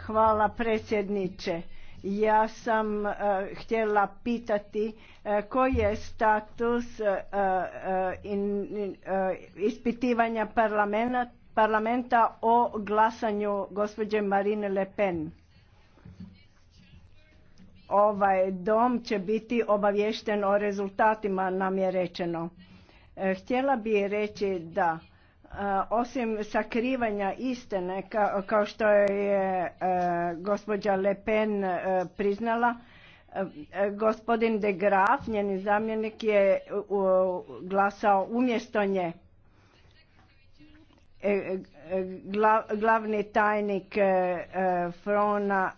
Hvala predsjedniče. Ja sam eh, htjela pitati eh, koji je status eh, ispitivanja parlamenta, o glasanju gospođe Marine Le Pen. Ovaj dom će biti obaviješten o rezultatima, nam je rečeno. Htjela bi reći da Eh, osim sakrivanja istine kao što je eh, gospođa Le Pen eh, priznala gospodin de Graf, njeni zamjenik je glasao umjesto nje e, e, glavni tajnik Frona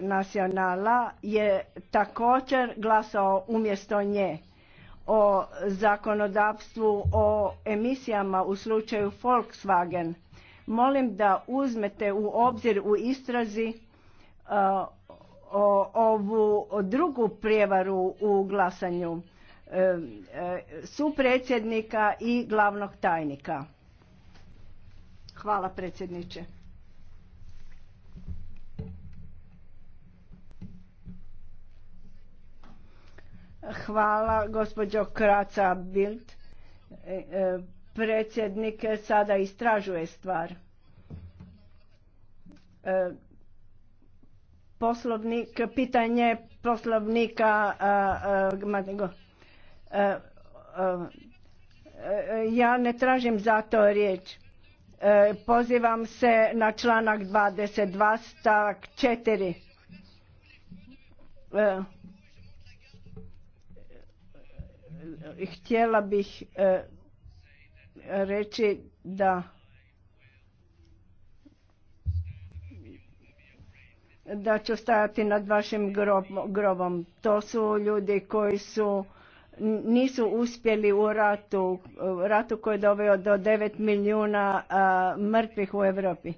Nacionala je također glasao umjesto nje o zakonodavstvu o emisijama u slučaju Volkswagen. Molim da uzmete u obzir u istrazi e, ovu drugu prijevaru u glasanju e, e, supredsjednika i glavnog tajnika. Hvala predsjedniče. Hvala gospođo Kraca Bild. E, e, predsjednik sada istražuje stvar. E, poslovnik, pitanje poslovnika ja ne tražim za to riječ. Pozivam se na članak 22 stavak 4 htjela bih e, reći da da ću stajati nad vašim grobom. To su ljudi koji su nisu uspjeli u ratu, ratu koji je doveo do 9 milijuna mrtvih u Europi.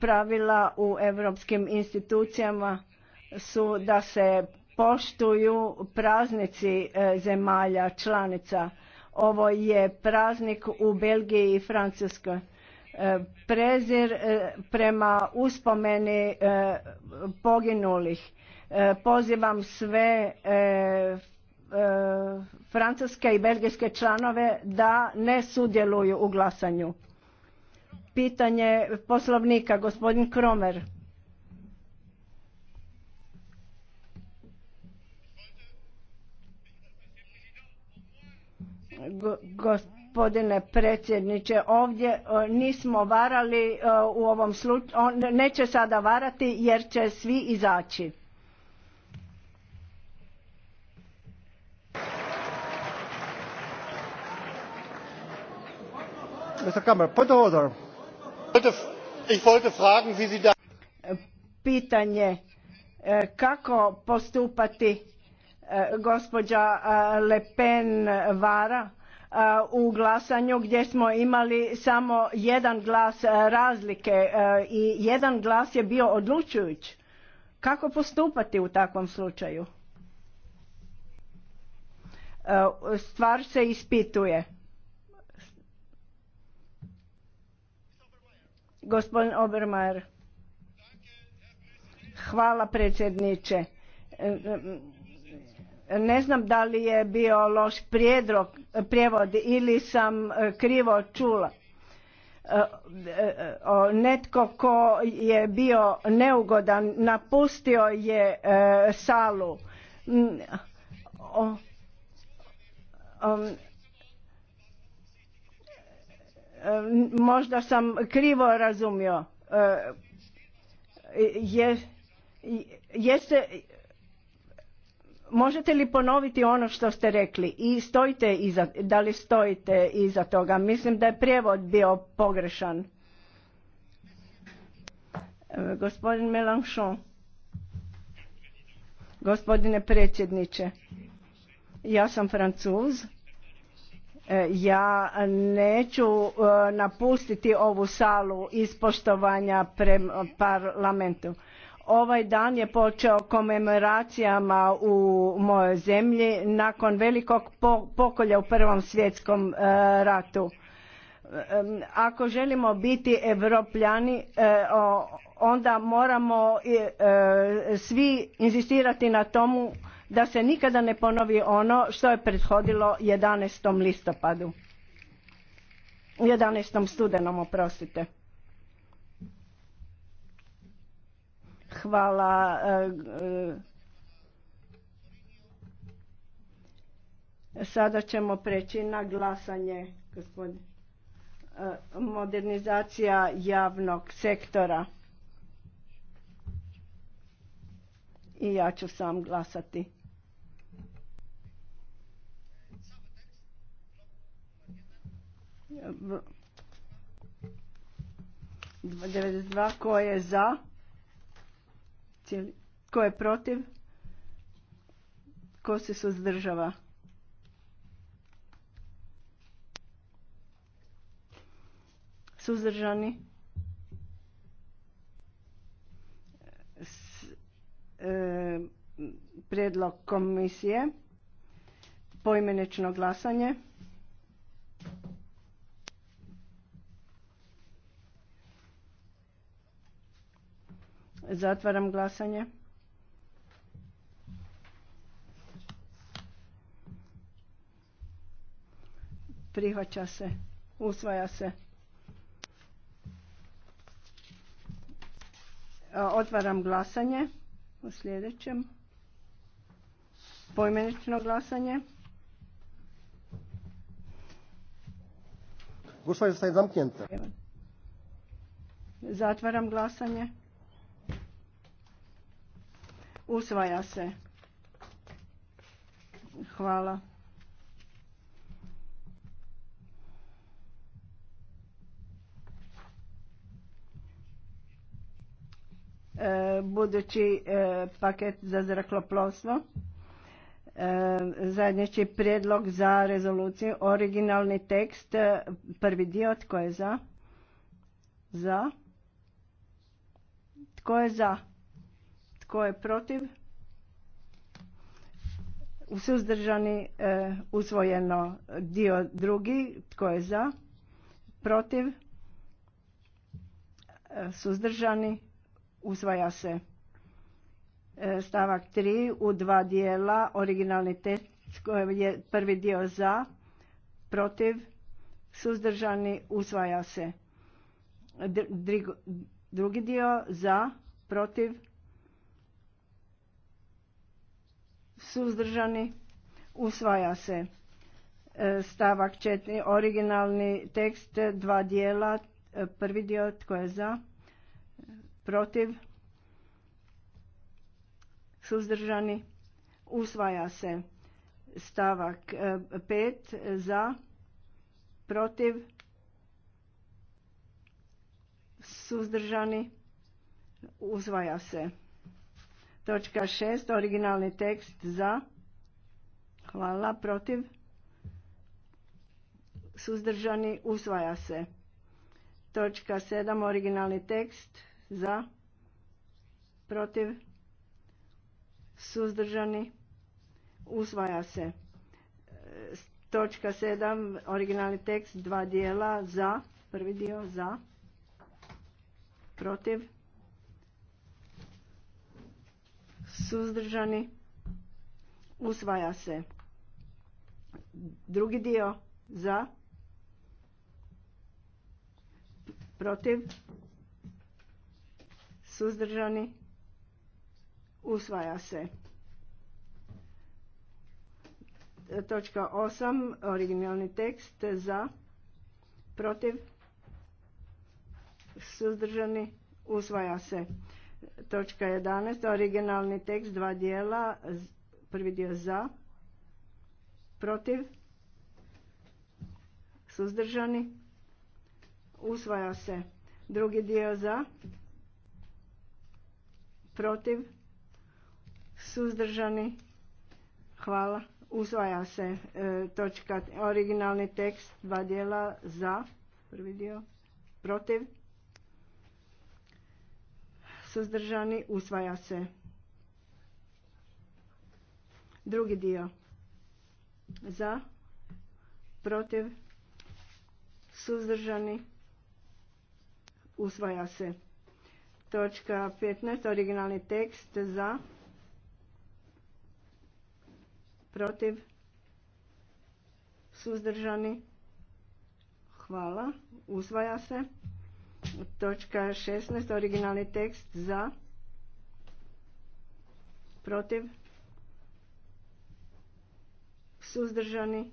Pravila u europskim institucijama su da se poštuju praznici e, zemalja članica. Ovo je praznik u Belgiji i Francuskoj. E, prezir e, prema uspomeni poginulih. Pozivam sve francuske i belgijske članove da ne sudjeluju u glasanju. Pitanje poslovnika, gospodin Kromer. gospodine predsjedniče ovdje e, nismo varali e, u ovom slučaju neće sada varati jer će svi izaći pitanje kako postupati E, gospođa e, Le Pen vara e, u glasanju gdje smo imali samo jedan glas razlike i jedan glas je bio odlučujući. Kako postupati u takvom slučaju? Stvar se ispituje. Gospodin Obermajer. Hvala predsjedniče ne znam da li je bio loš prijedrog, prijevod ili sam e, krivo čula. E, e, netko ko je bio neugodan napustio je salu. Mm, možda sam krivo razumio. Je, Možete li ponoviti ono što ste rekli i stojite iza, da li stojite iza toga? Mislim da je prijevod bio pogrešan. E, gospodin Melanchon. Gospodine predsjedniče, ja sam francuz. E, ja neću e, napustiti ovu salu iz prema parlamentu. Ovaj dan je počeo komemoracijama u mojoj zemlji nakon velikog pokolja u Prvom svjetskom e, ratu. E, ako želimo biti europljani e, onda moramo svi inzistirati na tomu da se nikada ne ponovi ono što je prethodilo 11. listopadu. 11. studenom, oprostite. hvala e, e, Sada ćemo preći na glasanje, e, Modernizacija javnog sektora. I ja ću sam glasati. dva ko je za? Ko je protiv? Ko se suzdržava? Suzdržani? S, e, prijedlog komisije poimenično glasanje. Zatvaram glasanje. Prihvaća se. Usvaja se. Otvaram glasanje u sljedećem. Pojmenično glasanje. Glasanje se zamknjente. Zatvaram glasanje. Usvaja se. Hvala. E, budući e, paket za zrakoplovstvo e, zajednički prijedlog za rezoluciju originalni tekst prvi dio tko je za za tko je za tko je protiv? Suzdržani e, usvojeno dio drugi. Tko je za? Protiv? E, suzdržani usvaja se e, stavak 3 u dva dijela. Originalni tekst koji je prvi dio za, protiv, suzdržani usvaja se. Drugi dio za, protiv, suzdržani, usvaja se. E, stavak 4, originalni tekst, dva dijela, e, prvi dio tko je za, protiv, suzdržani, usvaja se. Stavak e, pet, za, protiv, suzdržani, usvaja se. Točka šest, originalni tekst za. Hvala, protiv. Suzdržani, usvaja se. Točka sedam, originalni tekst za. Protiv. Suzdržani, usvaja se. Točka sedam, originalni tekst, dva dijela za. Prvi dio za. Protiv suzdržani, usvaja se. Drugi dio za, protiv, suzdržani, usvaja se. Točka 8, originalni tekst za, protiv, suzdržani, usvaja se. Točka 11. Originalni tekst, dva dijela. Prvi dio za, protiv, suzdržani. Usvaja se. Drugi dio za, protiv, suzdržani. Hvala. Usvaja se e, točka, originalni tekst, dva dijela za, prvi dio, protiv, suzdržani, usvaja se. Drugi dio. Za, protiv, suzdržani, usvaja se. Točka 15, originalni tekst za, protiv, suzdržani, hvala, usvaja se točka 16, originalni tekst za, protiv, suzdržani,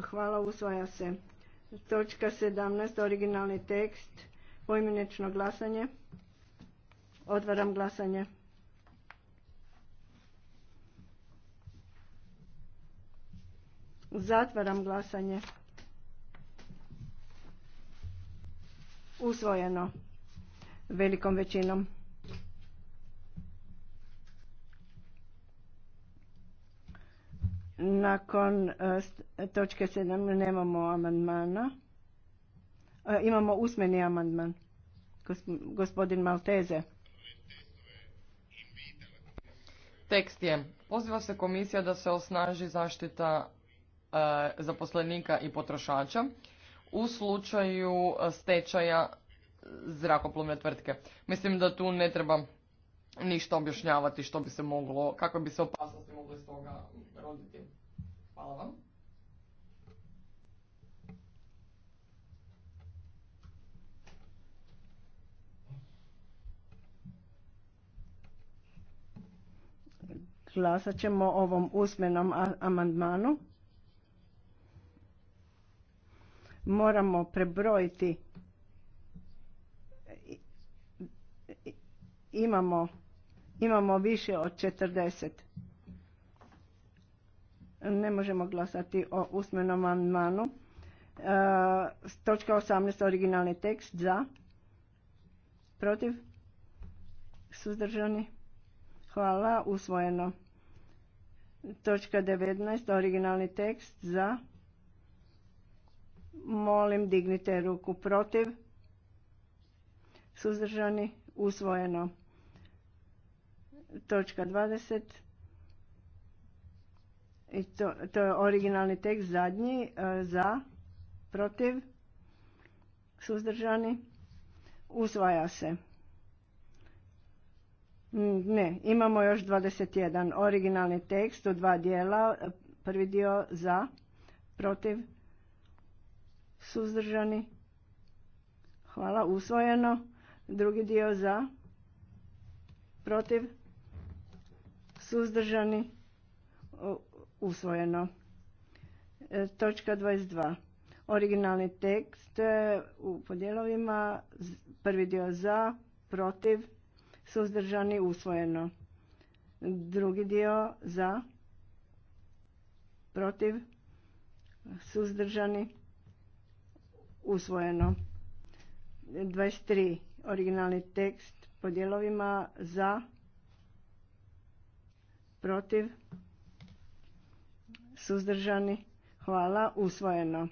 hvala, usvaja se. Točka 17, originalni tekst, poimenično glasanje, otvaram glasanje. Zatvaram glasanje. usvojeno velikom većinom. Nakon e, točke 7 nemamo amandmana. E, imamo usmeni amandman. Gospodin Malteze. Tekst je. Poziva se komisija da se osnaži zaštita e, zaposlenika i potrošača u slučaju e, stečaja zrakoplovne tvrtke. Mislim da tu ne treba ništa objašnjavati što bi se moglo, kako bi se opasnosti mogli s toga roditi. Hvala vam. Glasat ćemo ovom usmenom amandmanu. moramo prebrojiti imamo imamo više od 40 ne možemo glasati o usmenom amandmanu e, točka 18 originalni tekst za protiv suzdržani hvala usvojeno točka 19 originalni tekst za Molim dignite ruku protiv. Suzdržani. Usvojeno. Točka 20. I to, to je originalni tekst zadnji. E, za. Protiv. Suzdržani. Usvaja se. Mm, ne, imamo još 21. Originalni tekst u dva dijela. E, prvi dio za, protiv, suzdržani, hvala, usvojeno, drugi dio za, protiv, suzdržani, usvojeno. E, točka 22. Originalni tekst e, u podjelovima, prvi dio za, protiv, suzdržani, usvojeno. Drugi dio za, protiv, suzdržani, usvojeno. 23 originalni tekst po dijelovima za, protiv, suzdržani, hvala, usvojeno.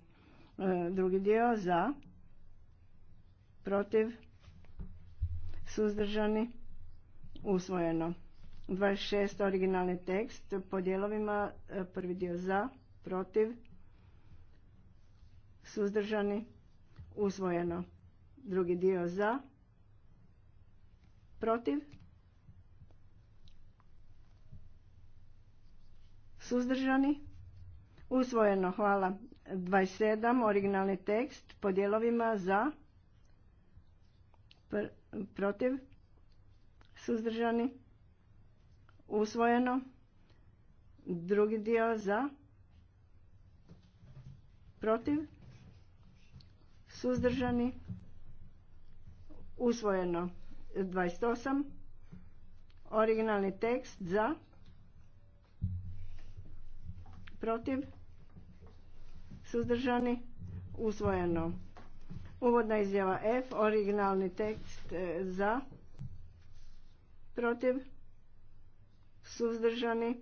E, drugi dio za, protiv, suzdržani, usvojeno. 26 originalni tekst po dijelovima, e, prvi dio za, protiv, suzdržani, usvojeno. Drugi dio za, protiv, suzdržani, usvojeno, hvala. 27, originalni tekst, po dijelovima za, protiv, suzdržani, usvojeno, drugi dio za, protiv, suzdržani, usvojeno 28, originalni tekst za, protiv, suzdržani, usvojeno. Uvodna izjava F, originalni tekst e, za, protiv, suzdržani,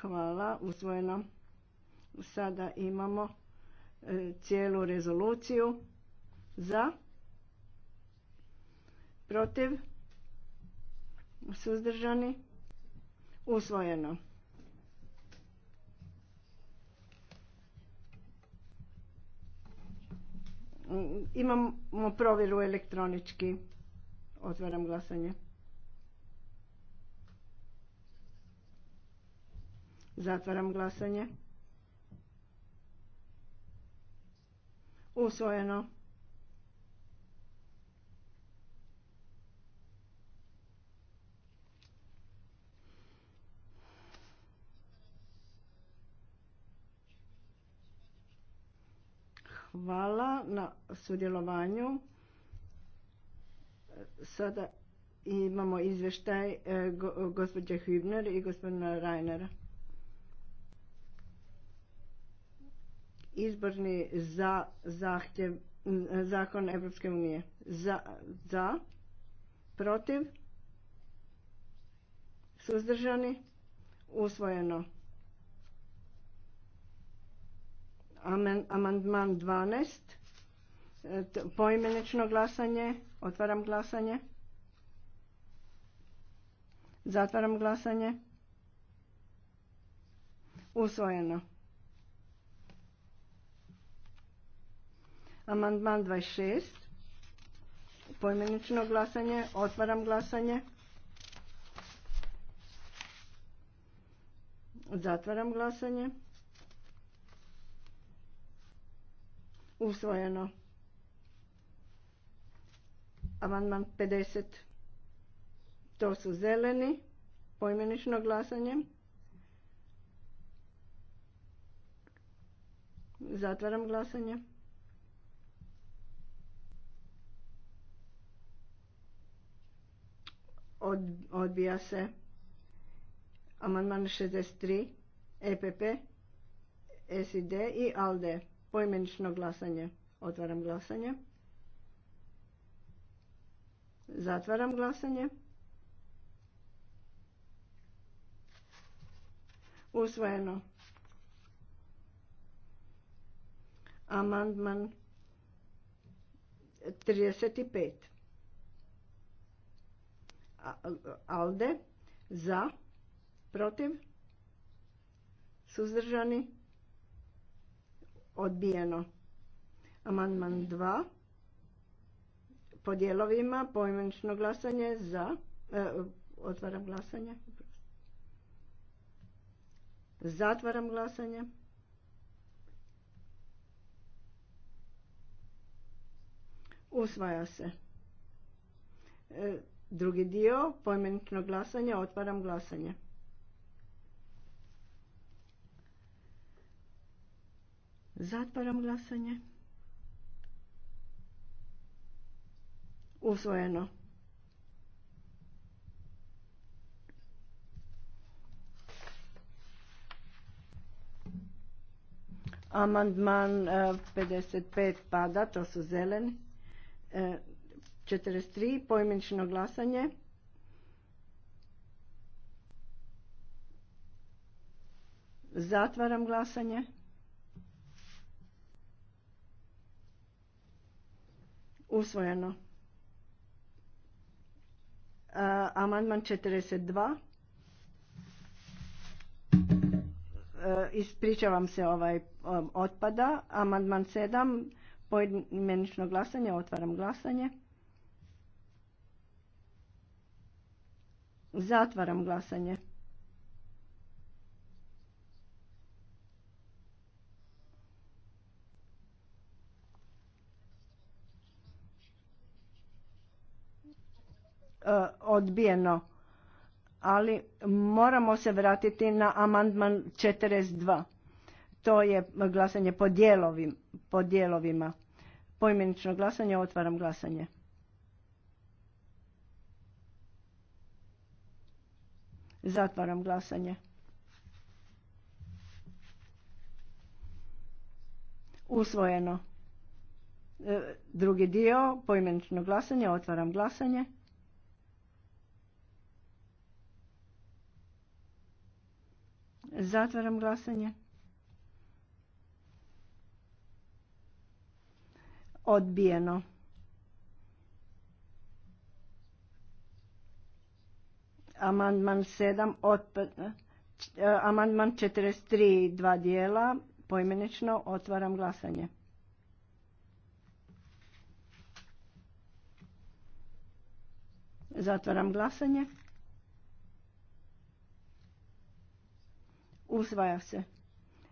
hvala, usvojeno. Sada imamo cijelu rezoluciju za protiv suzdržani usvojeno imamo provjeru elektronički otvaram glasanje zatvaram glasanje usvojeno hvala na sudjelovanju sada imamo izvještaj eh, gospođe Hübner i gospodina Reinera izborni za zahtjev zakon Evropske unije. Za, za, protiv, suzdržani, usvojeno. Amen, amandman 12, e, poimenično glasanje, otvaram glasanje, zatvaram glasanje, usvojeno. Amandman 26. Pojmenično glasanje. Otvaram glasanje. Zatvaram glasanje. Usvojeno. Amandman 50. To su zeleni. Pojmenično glasanje. Zatvaram glasanje. odbija se amandman 63 EPP SID i ALDE poimenično glasanje otvaram glasanje zatvaram glasanje usvojeno amandman 35 Alde za, protiv, suzdržani, odbijeno. Amandman 2 po dijelovima, poimenično glasanje za, e, otvaram glasanje, zatvaram glasanje. Usvaja se. E, Drugi dio, pojmenično glasanje, otvaram glasanje. Zatvaram glasanje. Usvojeno. Amandman 55 eh, pada, to su zeleni. Eh, 43 Pojmenično glasanje. Zatvaram glasanje. Usvojeno. amandman 42. E, ispričavam se, ovaj um, otpada. Amandman 7. Pojmenično glasanje. Otvaram glasanje. Zatvaram glasanje. E, odbijeno. Ali moramo se vratiti na amandman 42. To je glasanje po dijelovima. Poimenično glasanje, otvaram glasanje. Zatvaram glasanje. Usvojeno. E, drugi dio, poimenično glasanje, otvaram glasanje. Zatvaram glasanje. Odbijeno. Amandman 7 uh, e, Amandman 43 dva dijela poimenično otvaram glasanje. Zatvaram glasanje. Usvaja se.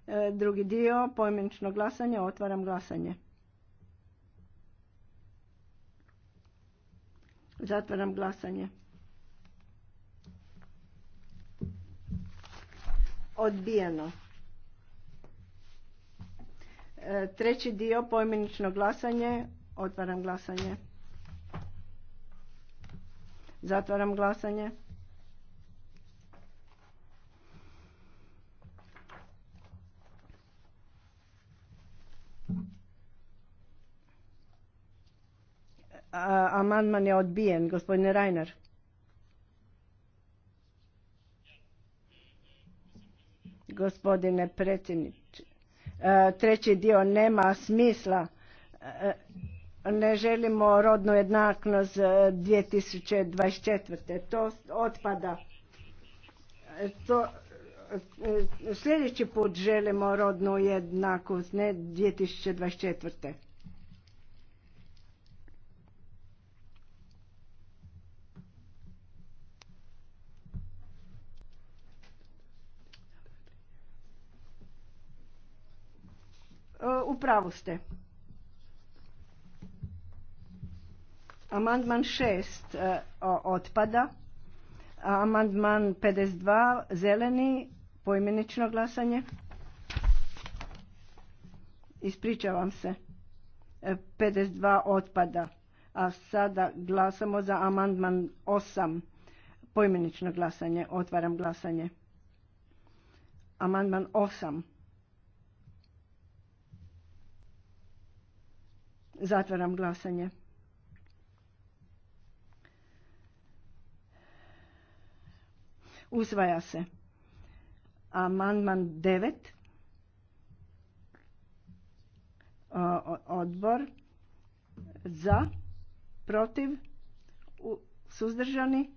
E, drugi dio, poimenično glasanje, otvaram glasanje. Zatvaram glasanje. odbijeno. E, treći dio pojmenično glasanje. Otvaram glasanje. Zatvaram glasanje. Amandman je odbijen, gospodine Reiner. gospodine predsjedniče. E, treći dio nema smisla. E, ne želimo rodnu jednakost 2024. E, to otpada. To, sljedeći put želimo rodnu jednakost, ne 2024. E, u pravu ste. Amandman 6 e, otpada. Amandman 52 zeleni poimenično glasanje. Ispričavam se. 52 e, otpada. A sada glasamo za amandman 8. Poimenično glasanje. Otvaram glasanje. Amandman 8. Zatvaram glasanje. Usvaja se. Amandman 9. Odbor za, protiv, suzdržani.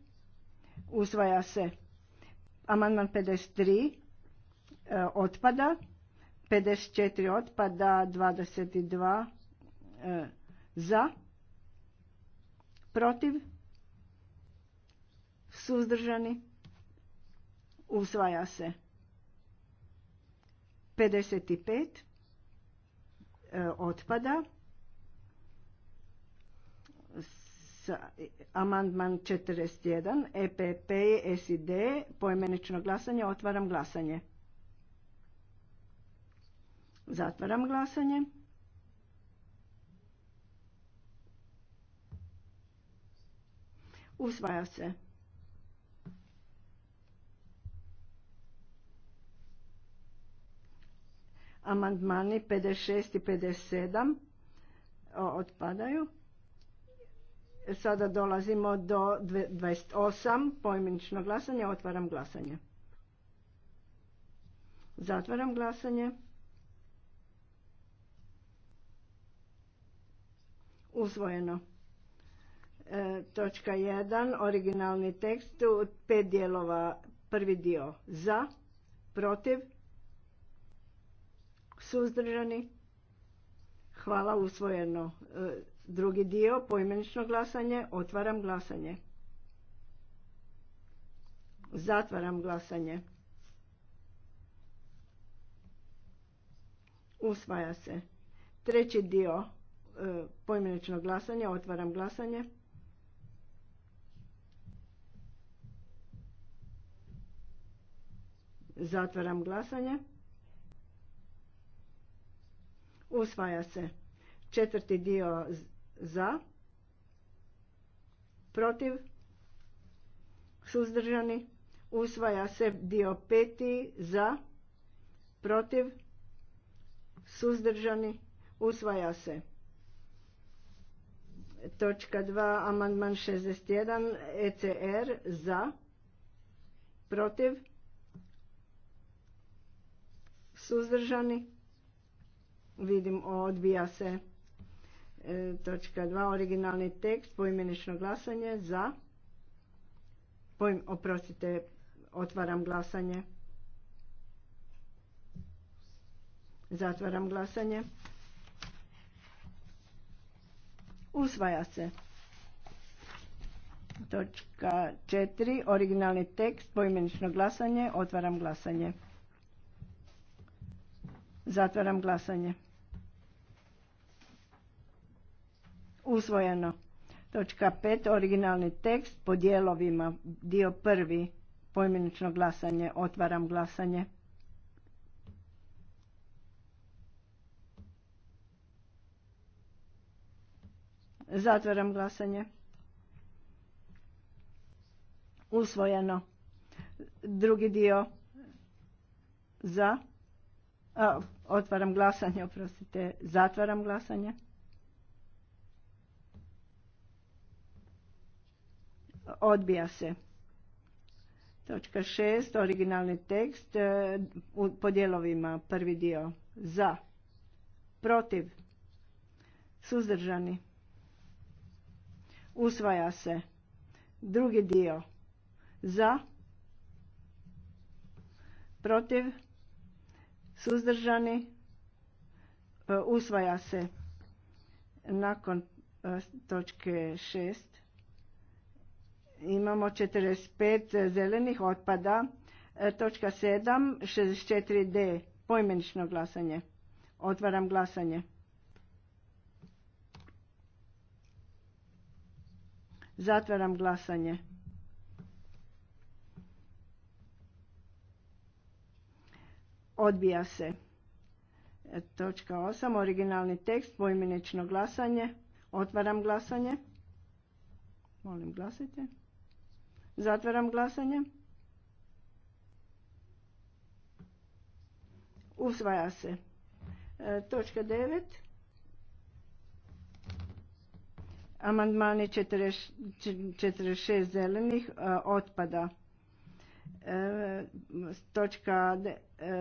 Usvaja se. Amandman 53 e, otpada. 54 otpada, 22 E, za protiv suzdržani usvaja se 55 e, otpada amandman 41 EPP SID poimenično glasanje otvaram glasanje zatvaram glasanje Usvaja se. Amandmani 56 i 57 otpadaju. Sada dolazimo do 28 pojmenično glasanje. Otvaram glasanje. Zatvaram glasanje. Usvojeno. E, točka 1, originalni tekst, pet dijelova, prvi dio za, protiv, suzdržani, hvala, usvojeno. E, drugi dio, poimenično glasanje, otvaram glasanje. Zatvaram glasanje. Usvaja se. Treći dio, e, poimenično glasanje, otvaram glasanje. Zatvaram glasanje. Usvaja se. Četvrti dio za. Protiv. Suzdržani. Usvaja se dio peti za. Protiv. Suzdržani. Usvaja se. Točka 2, amandman 61, ECR, za, protiv, suzdržani. Vidim, odbija se e, točka 2, originalni tekst, poimenično glasanje za. oprostite, otvaram glasanje. Zatvaram glasanje. Usvaja se. Točka 4. Originalni tekst, poimenično glasanje. Otvaram glasanje. Zatvaram glasanje. Usvojeno. Točka 5. Originalni tekst po dijelovima. Dio prvi. Pojmenično glasanje. Otvaram glasanje. Zatvaram glasanje. Usvojeno. Drugi dio za Otvaram glasanje, oprostite, zatvaram glasanje. Odbija se. Točka šest, originalni tekst, e, po dijelovima prvi dio. Za, protiv, suzdržani. Usvaja se. Drugi dio. Za, protiv, suzdržani, e, usvaja se nakon e, točke šest. Imamo 45 zelenih otpada. E, točka sedam, 64D, pojmenično glasanje. Otvaram glasanje. Zatvaram glasanje. Odbija se. E, točka 8. Originalni tekst, poimenično glasanje. Otvaram glasanje. Molim glasajte. Zatvaram glasanje. Usvaja se. E, točka 9. Amandmani 46 zelenih e, otpada. E, točka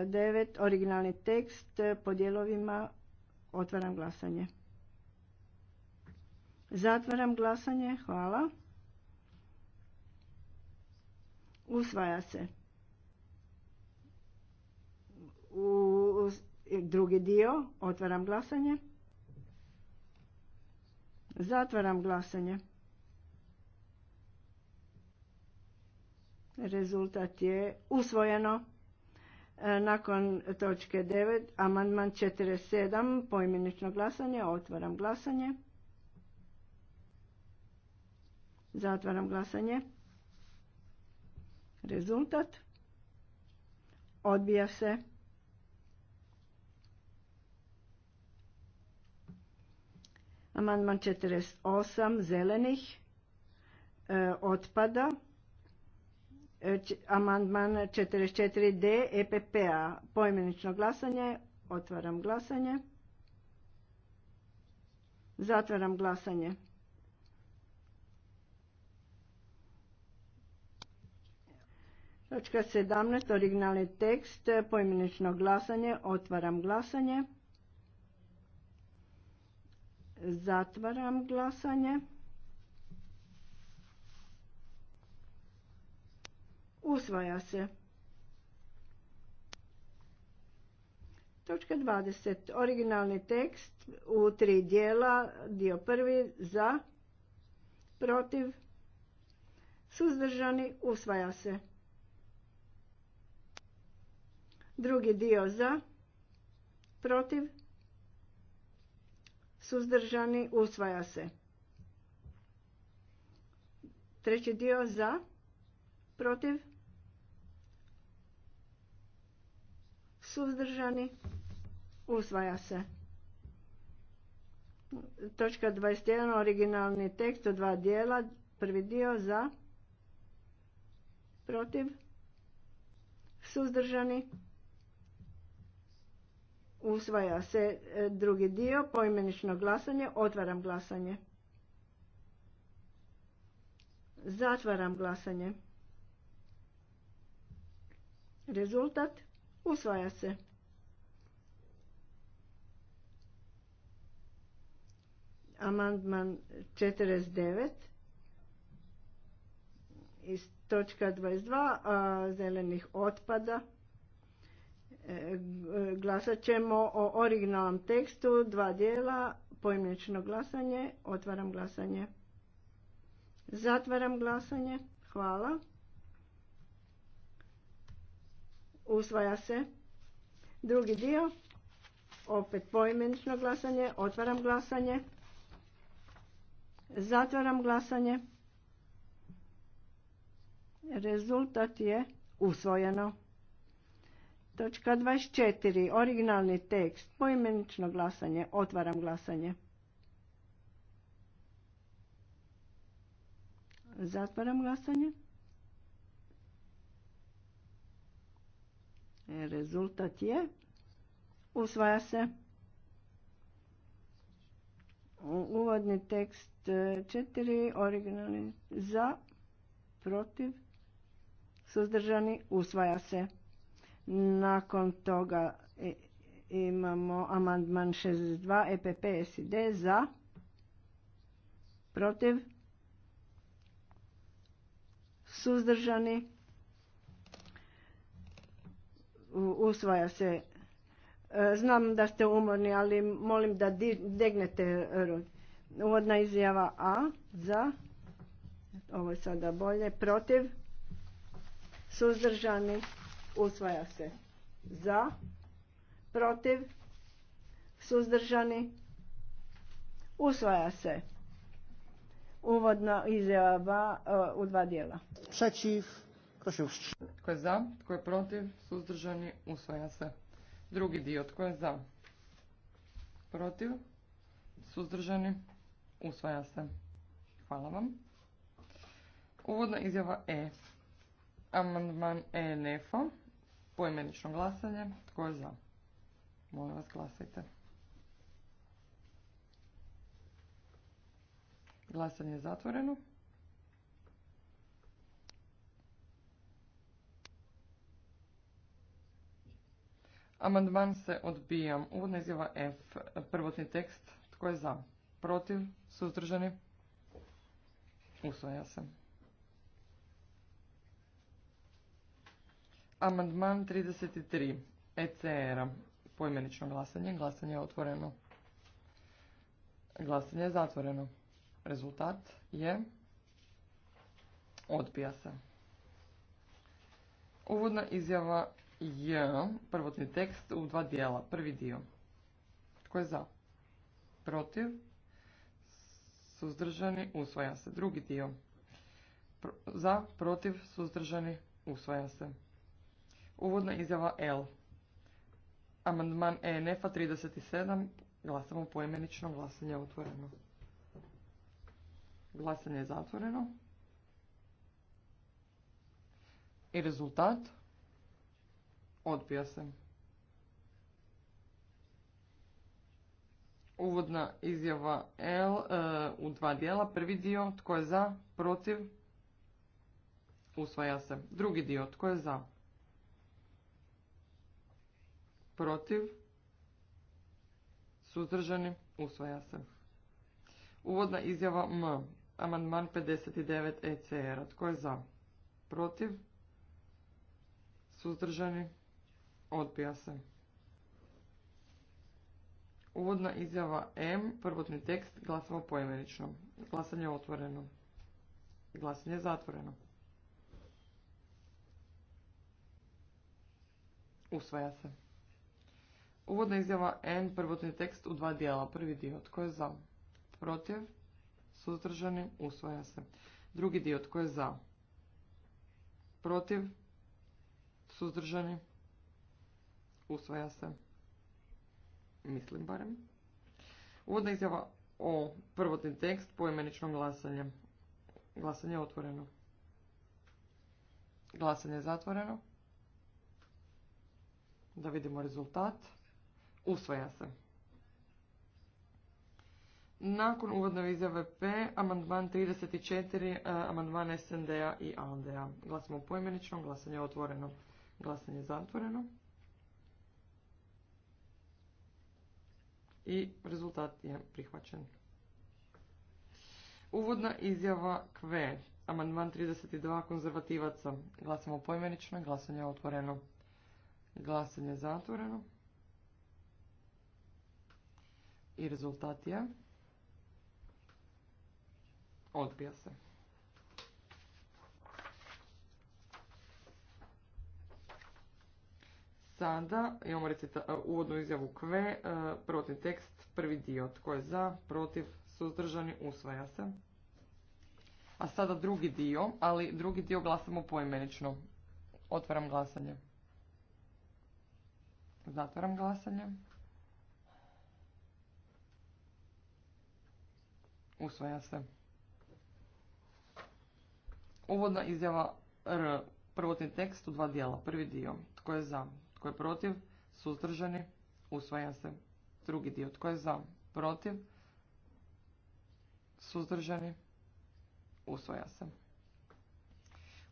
9, e, originalni tekst e, po dijelovima, otvaram glasanje. Zatvaram glasanje, hvala. Usvaja se. U drugi dio, otvaram glasanje. Zatvaram glasanje. Rezultat je usvojeno. E, nakon točke 9, amandman 47, poimenično glasanje, otvaram glasanje. Zatvaram glasanje. Rezultat. Odbija se. Amandman 48 zelenih e, otpada. Amandman 44D EPP-a. Poimenično glasanje. Otvaram glasanje. Zatvaram glasanje. Točka 17. Originalni tekst. Poimenično glasanje. Otvaram glasanje. Zatvaram glasanje. Usvaja se. Točka 20. Originalni tekst u tri dijela. Dio prvi za, protiv, suzdržani. Usvaja se. Drugi dio za, protiv, suzdržani. Usvaja se. Treći dio za, protiv, suzdržani, usvaja se. Točka 21, originalni tekst od dva dijela, prvi dio za, protiv, suzdržani, usvaja se e, drugi dio, poimenično glasanje, otvaram glasanje. Zatvaram glasanje. Rezultat Usvaja se. Amandman 49 iz točka 22 a, zelenih otpada. E, glasat ćemo o originalnom tekstu, dva dijela, pojemnično glasanje, otvaram glasanje. Zatvaram glasanje. Hvala. usvaja se. Drugi dio, opet poimenično glasanje, otvaram glasanje, zatvaram glasanje. Rezultat je usvojeno. Točka 24. Originalni tekst. Poimenično glasanje. Otvaram glasanje. Zatvaram glasanje. Rezultat je. Usvaja se. Uvodni tekst e, četiri, Originalni za. Protiv. Suzdržani. Usvaja se. Nakon toga e, imamo amandman 62. EPP SID za. Protiv. Suzdržani usvaja se. E, znam da ste umorni, ali molim da degnete uvodna izjava A za ovo je sada bolje protiv suzdržani usvaja se za protiv suzdržani usvaja se uvodna izjava e, u dva dijela Šećiv. Tko Tko je za? Tko je protiv? Suzdržani? Usvaja se. Drugi dio. Tko je za? Protiv? Suzdržani? Usvaja se. Hvala vam. Uvodna izjava E. Amandman e nefo Poimenično glasanje. Tko je za? Molim vas glasajte. Glasanje je zatvoreno. Amandman se odbija. Uvodna izjava F. Prvotni tekst. Tko je za? Protiv? Suzdržani? Usvaja se. Amandman 33. ECR-a. Pojmenično glasanje. Glasanje je otvoreno. Glasanje je zatvoreno. Rezultat je... Odbija se. Uvodna izjava J, prvotni tekst u dva dijela. Prvi dio. Tko je za? Protiv? Suzdržani? Usvaja se. Drugi dio. za? Protiv? Suzdržani? Usvaja se. Uvodna izjava L. Amandman ENF-a 37. Glasamo poimenično. Glasanje je otvoreno. Glasanje je zatvoreno. I rezultat? Odbija se. Uvodna izjava L e, u dva dijela. Prvi dio tko je za, protiv, usvaja se. Drugi dio tko je za, protiv, suzdržani, usvaja se. Uvodna izjava M. Amandman 59 ECR. Tko je za? Protiv? Suzdržani? Odbija se. Uvodna izjava M, prvotni tekst, glasamo poimenično. Glasanje otvoreno. Glasanje je zatvoreno. Usvaja se. Uvodna izjava N, prvotni tekst u dva dijela. Prvi dio, tko je za? Protiv? Suzdržani? Usvaja se. Drugi dio, tko je za? Protiv? Suzdržani? Usvaja se. Mislim barem. Uvodna izjava o prvotni tekst poimeničnom glasanjem. Glasanje otvoreno. Glasanje je zatvoreno. Da vidimo rezultat. Usvaja se. Nakon uvodne izjave P, amandman 34, e, amandman SND-a i ANDA. a Glasamo poimenično, glasanje otvoreno. Glasanje je zatvoreno. i rezultat je prihvaćen. Uvodna izjava KV. Amandman 32 konzervativaca. Glasamo pojmenično, glasanje je otvoreno. Glasanje je zatvoreno. I rezultat je... Odbija se. Sada imamo recita, e, uvodnu izjavu kve, protiv tekst, prvi dio. Tko je za, protiv, suzdržani, usvaja se. A sada drugi dio, ali drugi dio glasamo poimenično. Otvaram glasanje. Zatvaram glasanje. Usvaja se. Uvodna izjava R. Prvotni tekst u dva dijela. Prvi dio. Tko je za? Tko je protiv? Suzdržani? Usvaja se. Drugi dio. Tko je za? Protiv? Suzdržani? Usvaja se.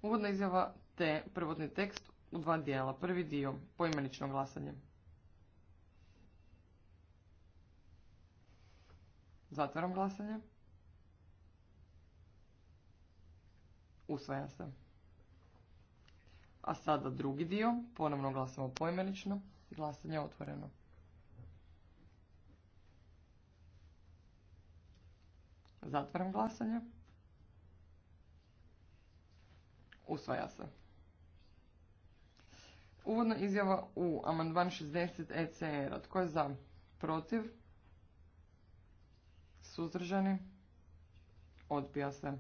Uvodna izjava te prvodni tekst u dva dijela. Prvi dio, poimenično glasanje. Zatvaram glasanje. Usvaja se. A sada drugi dio, ponovno glasamo poimenično, glasanje je otvoreno. Zatvaram glasanje. Usvaja se. Uvodna izjava u amandman 60 ECR-a. Tko je za? Protiv? Suzdržani? Odbija se.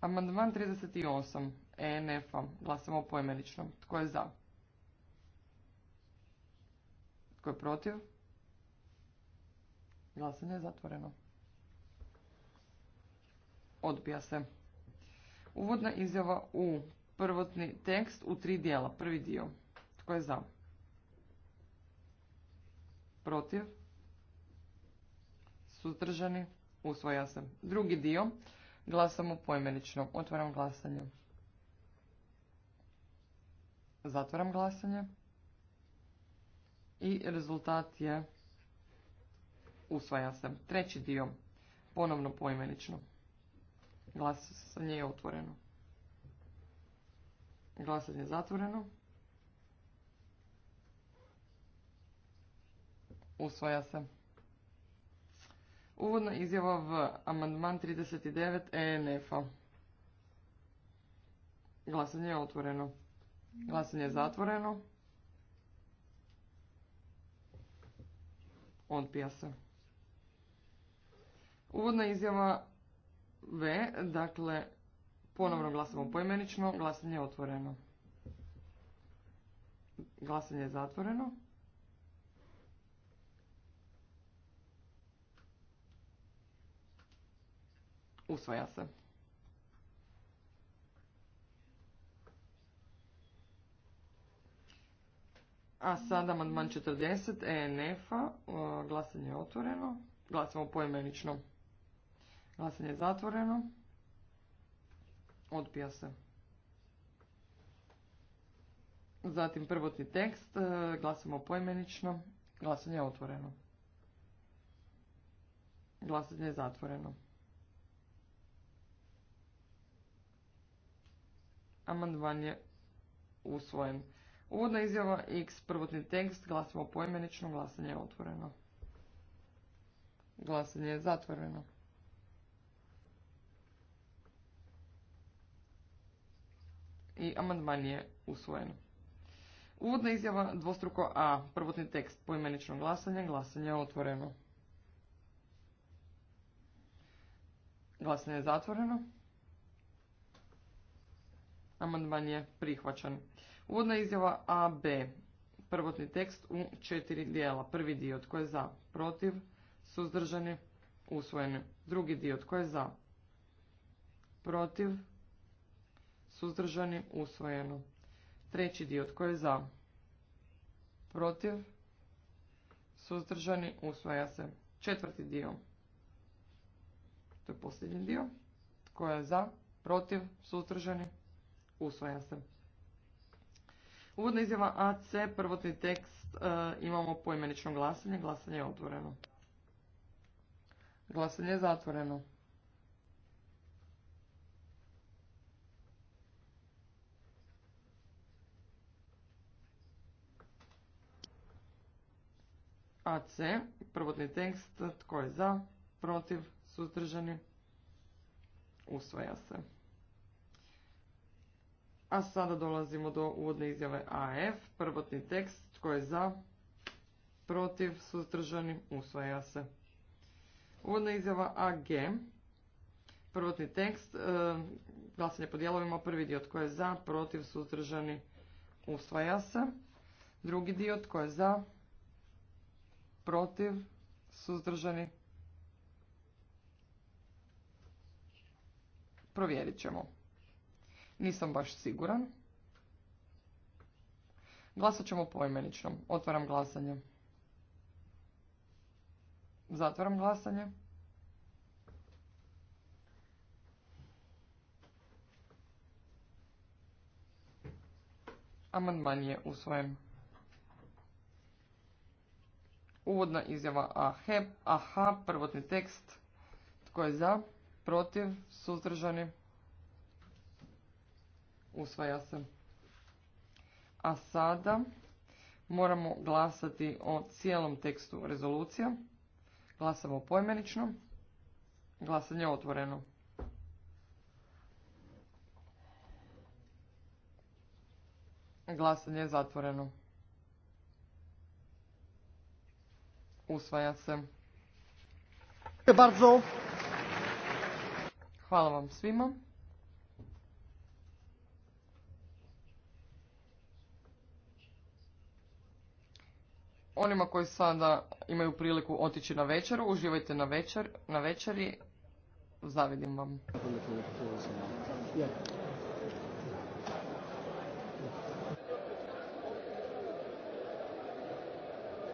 Amandman 38 enf om Glasamo poimenično. Tko je za? Tko je protiv? Glasanje je zatvoreno. Odbija se. Uvodna izjava u prvotni tekst u tri dijela. Prvi dio. Tko je za? Protiv? Suzdržani? Usvoja se. Drugi dio. Glasamo poimenično. Otvaram glasanje. Zatvaram glasanje. I rezultat je usvaja se. Treći dio, ponovno poimenično. Glasanje je otvoreno. Glasanje je zatvoreno. Usvaja se. Uvodna izjava v amandman 39 ENF-a. Glasanje je otvoreno. Glasanje je zatvoreno. on se. Uvodna izjava V, dakle, ponovno glasamo poimenično, glasanje je otvoreno. Glasanje je zatvoreno. Usvaja se. A sada amandman 40 ENF-a, glasanje je otvoreno, glasamo poimenično. Glasanje je zatvoreno, odpija se. Zatim prvotni tekst, e, glasamo poimenično, glasanje je otvoreno. Glasanje je zatvoreno. Amandman je usvojen. Uvodna izjava X, prvotni tekst, glasimo poimenično, glasanje je otvoreno. Glasanje je zatvoreno. I amandman je usvojen. Uvodna izjava dvostruko A, prvotni tekst, poimenično glasanje, glasanje je otvoreno. Glasanje je zatvoreno. Amandman je prihvaćen. Uvodna izjava AB, Prvotni tekst u četiri dijela. Prvi dio tko je za, protiv, suzdržani, usvojeni. Drugi dio tko je za, protiv, suzdržani, usvojeno. Treći dio tko je za, protiv, suzdržani, usvaja se. Četvrti dio, to je posljednji dio, tko je za, protiv, suzdržani, usvaja se. Uvodna izjava AC, prvotni tekst, e, imamo poimenično glasanje, glasanje je otvoreno. Glasanje je zatvoreno. AC, prvotni tekst, tko je za, protiv, suzdržani, usvaja se. A sada dolazimo do uvodne izjave AF, prvotni tekst, tko je za, protiv, suzdržani, usvaja se. Uvodna izjava AG, prvotni tekst, e, glasanje po dijelovima, prvi dio tko je za, protiv, suzdržani, usvaja se. Drugi dio tko je za, protiv, suzdržani, provjerit ćemo. Nisam baš siguran. Glasat ćemo poimenično. Otvaram glasanje. Zatvaram glasanje. Amandman je usvojen. Uvodna izjava AH, aha, prvotni tekst. Tko je za, protiv, suzdržani, usvaja se. A sada moramo glasati o cijelom tekstu rezolucija. Glasamo pojmenično. Glasanje je otvoreno. Glasanje je zatvoreno. Usvaja se. Hvala vam svima. Onima koji sada imaju priliku otići na večeru, uživajte na, večer, na večeri. Zavidim vam.